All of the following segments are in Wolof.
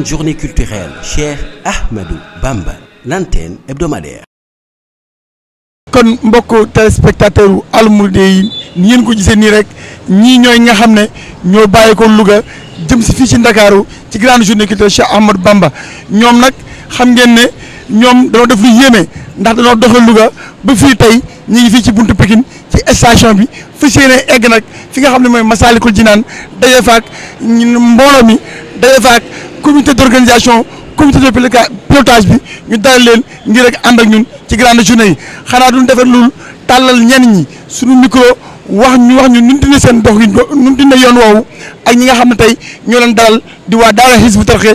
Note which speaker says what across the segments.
Speaker 1: grande journée culturelle Cheikh Ahmadou Bamba l'antenne hebdomadaire. kon mbokk téléspectateur
Speaker 2: u almouride yi ni ngeen ko gisee nii rek ñii ñooy nga xam ne ñoo bàyyi ko Louga jëm si fii ci Ndakaaru ci grande journée culturelle Cheikh Ahmadou Bamba ñoom nag xam ngeen ne ñoom dañoo def lu yéeme ndax dañoo doxe luga ba fii tey ñu ngi fii ci buntu Pikine ci station bi fas yéene egg nag fi nga xam ne mooy Masaalikul Jinaan daje faak mbooloo mi daje faak comité d' organisation comité de pilotage bi ñu dalal leen ngir rek ànd ak ñun ci grande journée yi xanaa duñ defar loolu tàllal ñenn ñi su suñu micro wax ñu wax ñu nun dina seen dox gi nun dina yoon woowu ak ñi nga xam ne tey ñoo leen dalal di waa daara Hizbut Tarqiyyah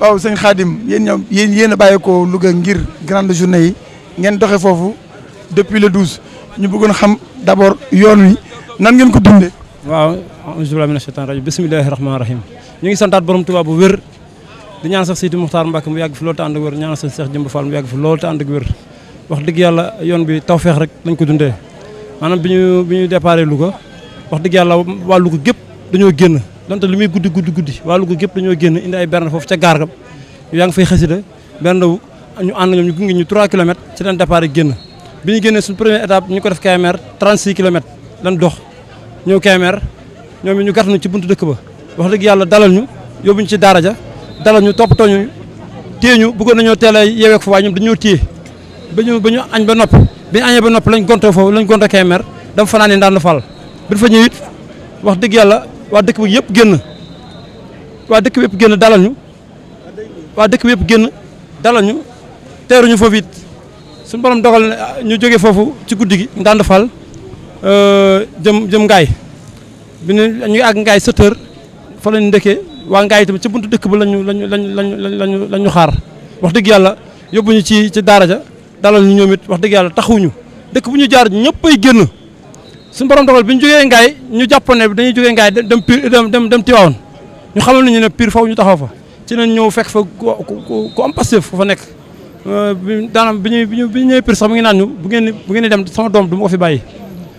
Speaker 2: waaw sëñ Khadim yéen ñoom yéen yéen a bàyyi ko Louga ngir grande journée yi ngeen doxe foofu depuis le 12 ñu bëggoon xam d' abord yoon wi nan ngeen ko dundee.
Speaker 3: waaw bisimilah mina shaytaan rajiim bisimilahi rahmaani ñu ngi santaat borom Tuubaa bu wér di ñaan sax Seydi Muxtaar Mbàkke mu yàgg fi loolu te ànd ak wér ñaan sax Seex Jëmb Fall mu yàgg fi loolu te ànd ak wér wax dëgg yàlla yoon bi feex rek lañ ko dundee maanaam bi ñu bi ñu déparé Louga wax dëgg yàlla waa Louga gépp dañoo génn donte lu muy guddi guddi guddi waa Louga gépp dañoo génn indi ay berne foofu ca gaar gam yaa ngi fay xasida berne wu ñu ànd ñoom ñu gunge ñu 3 kilomètres ci leen départ yi génn bi ñu génnee suñu première étape ñu ko def KMR 36 kilomètres lan dox ñëw KMR ñoom ñu gàttanu ci buntu dëkk ba wax dëgg yàlla dalal ñu yóbbuñ ci daara ja dalal ñu toppatoo ñu téye ñu bëggoon nañoo teel a yeeweeg fa waaye ñoom dañoo téye ba ñu ba ñu añ ba nopp bi ñu nopp lañ gontoo foofu lañ gontoo KMR dama fanaan ne ndaan fal bi fa ñëw yàlla waa dëkk bi yëpp génn waa dëkk bi yëpp génn dalal ñu waa dëkk bi yëpp génn dalal ñu teeruñu foofu it suñu borom dogal ah, ñu jóge foofu ci guddi gi Ndande Fall euh, jëm jëm ngaay bi ñu ñu àgg ngaay 7 heures fa la ñu ndëkkee waa ngaay tamit ci buntu dëkk ba lañu lañu xaar wax dëgg yàlla yóbbuñu ci ci daara ja dalal ñu ñoom it wax dëgg yàlla taxuñu dëkk bu ñu jaar ñëppay génn suñu borom dogal bi ñu jógee ngaay ñu jàppoon ne dañuy jógee ngaay dem pir dem dem tiwaawoon ñu xamal nañu ne pir foofu ñu taxaw fa ci nañ ñëw fekk fa ku am passif fa nekk euh, daanaam bi ñuy bi ñëwee pir sax mu ngi naan ñu bu ngeen bu ngeen dem sama doom du ma ko fi bàyyi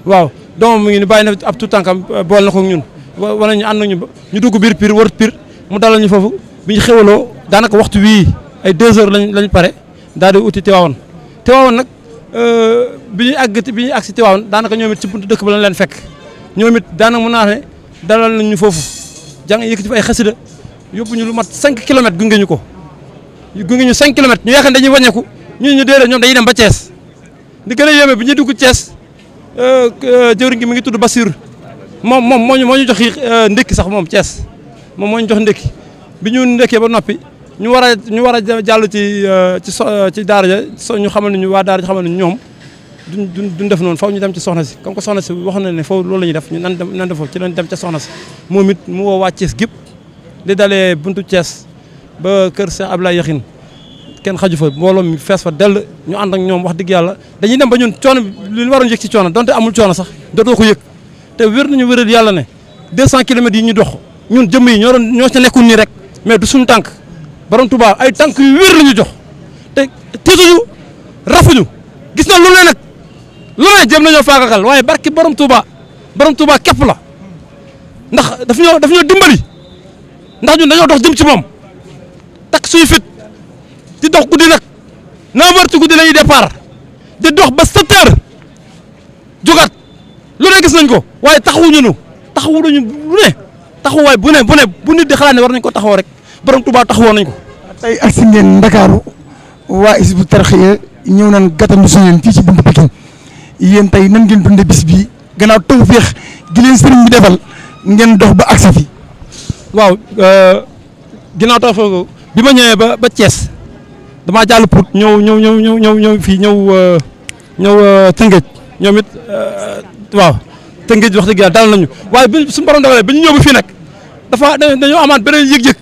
Speaker 3: waaw doomam mu ngi ni bàyyi na ab tout tànkam euh, bool na ko ñun wala ñu ànd na ñu ñu dugg biir pir wër pir mu dalal ñu foofu bi ñu xewaloo daanaka waxtu wii ay deux heures lañ lañ pare daal di uti tiwaawoon tiwaawoon Euh, bi ñuy àgg bi ñuy àgg si Tiwaawan daanaka ñoom it ci buntu dëkk ba lañ leen fekk ñoom it daanaka mën naa ne dalal nañ ñu foofu jàng yëkkati fa ay xasida yóbbu ñu lu mat 5 kilomètres gunge ñu ko gunge ñu 5 kilomètres ñu yaakaar dañuy wañeeku ñu ñu déedéet ñoom dañuy dem ba Thiès di gën a bi ñu dugg cees euh, euh, jëwriñ gi mi ngi tudd Basir moom moom moo ñu moo ñu jox ndékki sax moom Thiès moom moo ñu jox ndékki bi ñu ndékkee ba noppi ñu war a ñu war a jàll ci euh, ci euh, ci daara ja ñu xamal ne waa daara xamal ne ñoom duñ duñ def noonu faw ñu dem ci soxna si comme soxna si wax ne foofu loolu la ñuy def ñu nan nan def foofu ci lañ dem ca soxna si moom it mu woo waa Thiès gépp di dalee buntu Thiès ba kër Cheikh Abdoulaye Yakhine kenn xaju fa mbooloo mi fees dell ñu ànd ak ñoom wax dëgg yàlla dañuy dem ba ñun coono li ñu waroon yëg ci coono donte amul coono sax dootoo ko yëg te wér nañu wéral yàlla ne 200 kilomètres yi ñu dox ñun jëm yi ñoo doon ñoo ca nekkul nii rek mais du suñu tànk borom Touba ay tànk yu wér la ñu jox te tiituñu rafuñu gis na lu ne nag lu ne jéem nañoo faagagal waaye barki borom Touba borom Touba kepp la ndax daf ñoo dimbali ndax ñu dañoo dox jëm ci moom takk suñu fit di dox guddi nag neuf heures ci guddi la ñuy départ di dox ba sept heures jógaat lu gis nañ ko waaye taxawuñu nu taxawuñu lu ne bu ne bu ne bu nit di xalaat ne war nañ ko taxaw rek. borom tax taxawoo nañ ko. tey ak si ngeen Ndakaaru
Speaker 2: waa Hizbut Tarqiyyah ñëw naan gàttandu si yéen fii ci buntu Pikine yéen tey nan ngeen dundee bis bi gannaaw tawféex gi leen sëriñ bi defal ngeen dox ba agsi fi. waaw euh, ginnaaw tawféex bi ma ñëwee ba ba Thiès
Speaker 3: damaa jàll pour ñëw ñëw ñëw ñëw ñëw ñëw fii ñëw euh, ñëw euh, Tëngéej ñoom it waaw Tëngéej wax dëgg yàlla dal nañu waaye bi suñu borom dafa yëg-yëg.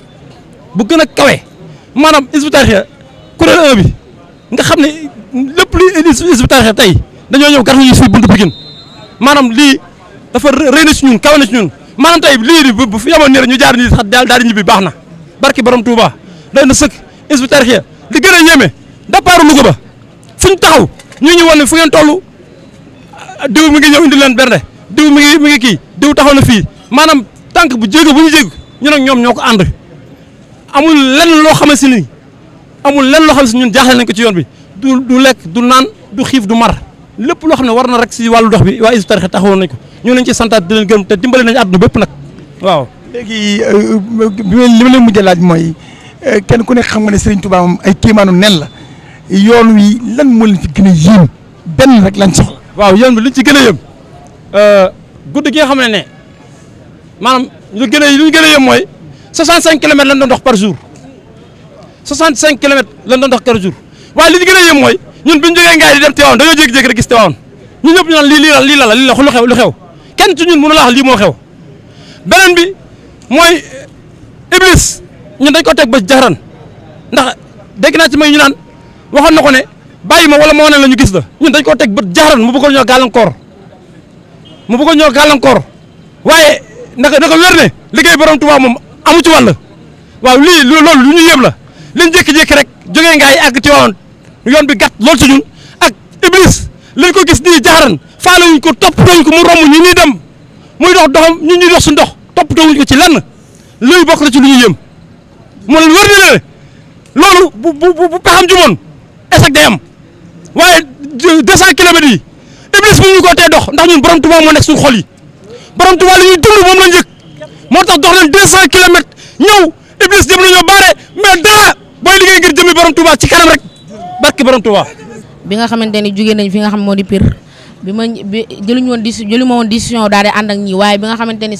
Speaker 3: bu gën a kawe maanaam Hizbut Tarqiyyah kuréel 1 bi nga xam ne lépp luy Hizbut Tarqiyyah tey dañoo ñëw gàttal ñu suñu maanaam lii dafa rëy na si ñun kawe na si ñun maanaam tey lii di bu fi yemoon nii ñu jaar nii sax daal daal di ñibbi baax na barki borom Touba doy na sëkk Hizbut Tarqiyyah li gën a yéeme départ Louga ba fu ñu taxaw ñu ñu wan ne fu ngeen toll diw mi ngi ñëw indi leen bernde diw mi ngi mi kii diw taxaw na fii maanaam tànk bu jéego bu ñu jéeg ñu nag ñoom ñoo ko ànd amul lenn loo si ni amul lenn loo xamante ni ñun jaaxle nañ ko ci yoon bi du du lekk du naan du xiif du mar lépp loo xam ne war na rek si wàllu
Speaker 2: dox bi waa Hizbut Tarqiyyah taxawoon nañ ko ñoo leen ci santaat di leen gërëm te dimbale bépp nag waaw. léegi euh, li ma leen mujj mooy euh, kenn ku nekk xam nga ne Serigne Touba moom ay kiimaanu nen la yoon wi lan moo leen fi gën a yéem benn rek lañ soxla. waaw yoon bi luñ ci
Speaker 3: gën a yéem euh, guddi gi nga xam ne ne maanaam lu gën a lu mooy. 65 cinq lañ doon dox par jour 65 kilomètres lañ doon dox par jour waaye li ñu gën a mooy ñun bi ñu jógee ngaay di dem Tivaouane dañoo jékki-jékki rek gis Tivaouane ñun ñëpp ñu naan lii lii la lii la lu xew kenn ci ñun mënu la lii moo xew beneen bi mooy Iblis ñun dañ koo teg ba jaxaran ndax dégg naa ci may ñu naan waxoon na ko ne bàyyi ma wala moo ne la ñu gis la ñun dañ koo teg bët jaaran mu bëggoon ñoo gàllankoor mu bëggoon ñoo gàllankoor waaye naka naka wér ne liggéey borom Tuubaa amu ci wàll waaw lii loolu lu ñu yëm la liñ jékki-jékki rek jógee ngaay àgg Tiwaawan yoon bi gàtt lool ci ñun ak Iblis lañ ko gis nii jaaran faale wuñ ko toppatoo wuñ ko mu romb ñuy dem muy dox doxam ñun ñuy dox suñ dox toppatoo wuñ ci lenn loolu bokk na ci lu ñu yëm mu leen wër ni la loolu bu bu bu pexam jumoon échec day am waaye 200 kilomètres yi Iblis mu ñu ko tee dox ndax ñun borom Tuubaa moo nekk suñu xol yi borom Tuubaa li ñuy moom la njëkk. moo tax dox nañ deux cent kilomètres ñëw Iblis jëm nañoo baare mais dara booy liggéey ngir jëmi borom Touba ci kanam
Speaker 4: rek barki borom Touba. bi nga xamante ne jugee nañ fi nga xam moo di Pire bi ma bi jëluñu woon décision jëluma woon décision daal di ànd ak ñi waaye bi nga xamante ni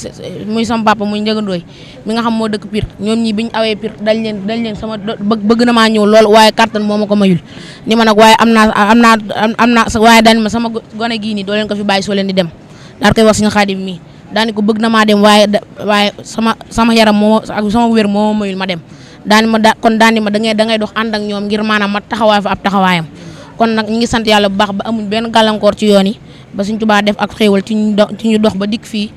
Speaker 4: muy sama papa muy njëgandooy mi nga xam moo dëkk Pire ñoom ñii bi ñu awee Pire dañ leen dañ leen sama bëgg na maa ñëw lool waaye kattan moo ma ko mayul ni ma nag waaye am naa am naa am naa waaye ma sama gone gii nii doo leen ko fi bàyyi soo leen di dem daal koy wax suñu xaadim mii daani ko bëgg na maa dem waaye waaye sama sama yaram moo ak sama wér moo mayul ma dem daani ma da kon daani ma da ngay da ngay dox ànd ñoom ngir maanaam ma taxawaay fa ab taxawaayam kon nag ñu ngi sant yàlla bu baax ba amuñ benn gàllankoor ci yoon yi ba suñ tubaa def ak xéewal ci ñu dox ci ñu dox ba dikk fii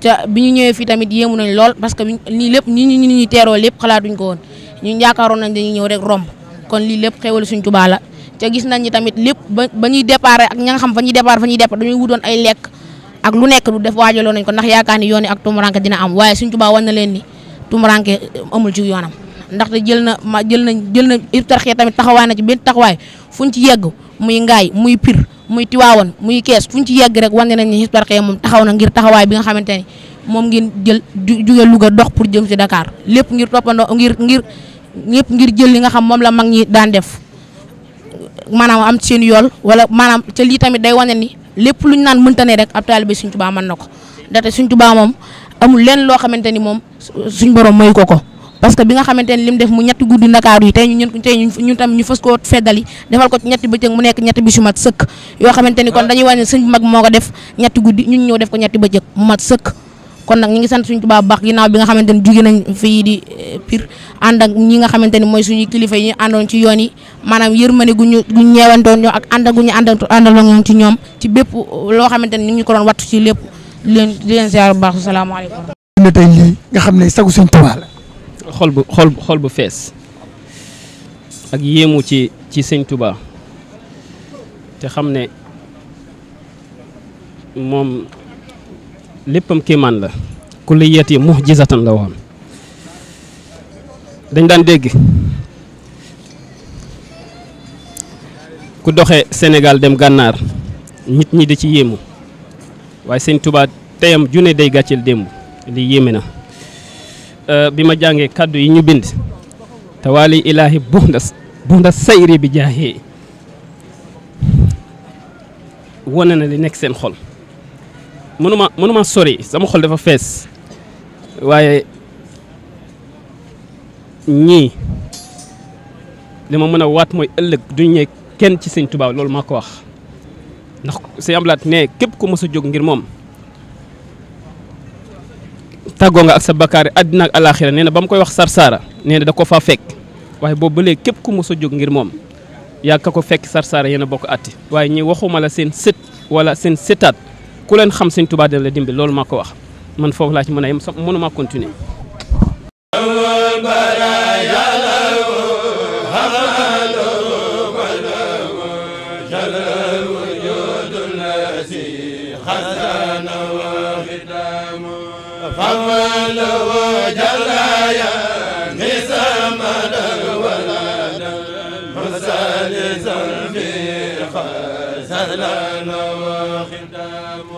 Speaker 4: te bi ñu ñëwee fii tamit yéemu nañ lool parce que lii lépp ñi ñi ñuy teeroo lépp xalaatuñ ko woon ñun yaakaaroon nañ dañuy ñëw rek romb kon lii lépp xéewal suñ tubaa la te gis nañ ñi tamit lépp ba ñuy départ ak ña nga xam fa ñuy départ fa ñuy départ dañuy wutoon ay lekk ak lu nekk lu def waajaloo nañ ko ndax yaakaar ni yoon yi ak tumuranke dina am waaye suñ Tuubaa wan na leen ni tumuranke amul ci yoonam ndaxte jël na ma jël na jël na Hizbut-Tarqiyyah tamit taxawaay na ci benn taxawaay fuñ ci yegg muy ngaay muy pir muy tiwaawan muy kees fuñ ci yegg rek wane nañ ni hizbut moom taxaw na ngir taxawaay bi nga xamante ne moom ngeen jël lug a dox pour jëm si dakaar lépp ngir toppandoo ngir ngir lépp ngir jël li nga xam moom la mag ñi daan def maanaam am seen yool wala maanaam ca lii tamit day wane ni lépp lu ñu naan mënta ne rek ab taalibe Sëñ Tuubaa mën na ko ndaxte Sëñ Tuubaa moom amul lenn loo xamante ni moom suñ borom mayu ko ko parce que bi nga xamante ni lim def mu ñetti guddi ndakaaru yi tey ñu ñun tey ñu tam ñu fës koo feddali defal ko ñetti bëccëg mu nekk ñetti bisu mat sëkk yoo xamante ni kon dañuy wax ne sëñ mag moo ko def ñetti guddi ñun ñëw def ko ñetti bëccëg mu mat sëkk kon nag ñi ngi sant suñu Tuubaa bu baax ginnaaw bi nga xamante ni jóge nañ fii di eh, Pire ànd ak ñi nga xamante ni mooy suñu kilifa yi ñu àndoon ci yoon yi maanaam yërmande gu ñu gu ñeewantoon ñoo ak ànd gu ñu àndaloon ci ñoom ci bépp loo xamante ni ñu ngi ko doon wattu ci lépp di leen di leen ziar bu baax salaamaaleykum. ne tey lii nga xam
Speaker 2: ne sagu suñu Tuubaa
Speaker 1: la. xol bu xol xol bu fees ak yéemu ci ci sëñ Tuubaa te xam ne moom léppam kéemaan la kulliyat yi mu'jizatan la waxoon dañ daan dégg ku doxe Sénégal dem gànnaar nit ñi di ci yéemu waaye sëñ Tuubaa teyam junne day gàcceel démb lii yéeme na euh, bi ma jàngee kàddu yi ñu bind tawaali ilaahi buxnda buxnda sayri bi jaaxee wone na li nekk seen xol mënuma mënuma sori sama xol dafa fees waaye ñii li ma mën a waat mooy ëllëg duñ ñee kenn ci sëñ Tuubaa loolu maa ko wax ndax sëñ Abdou Lahad ne képp ku mës a jóg ngir moom tàggoo nga ak sa bakaari àddina ak alaaxira nee na ba mu koy wax Sarsara nee na da ko faa fekk waaye boo ba léegi képp ku mës a jóg ngir moom yaa ka ko fekk Sarsara yéen a bokk atti waaye ñi waxuma la seen sët wala seen sëtaat ku leen xam sëñ Tuubaa dina la dimbali loolu maa ko wax man foofu laa ci mën a yem mënuma continuer
Speaker 5: سهلا وخدامه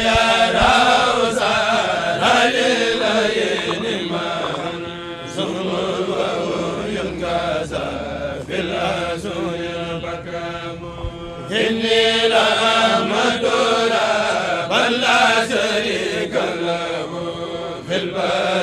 Speaker 5: yaa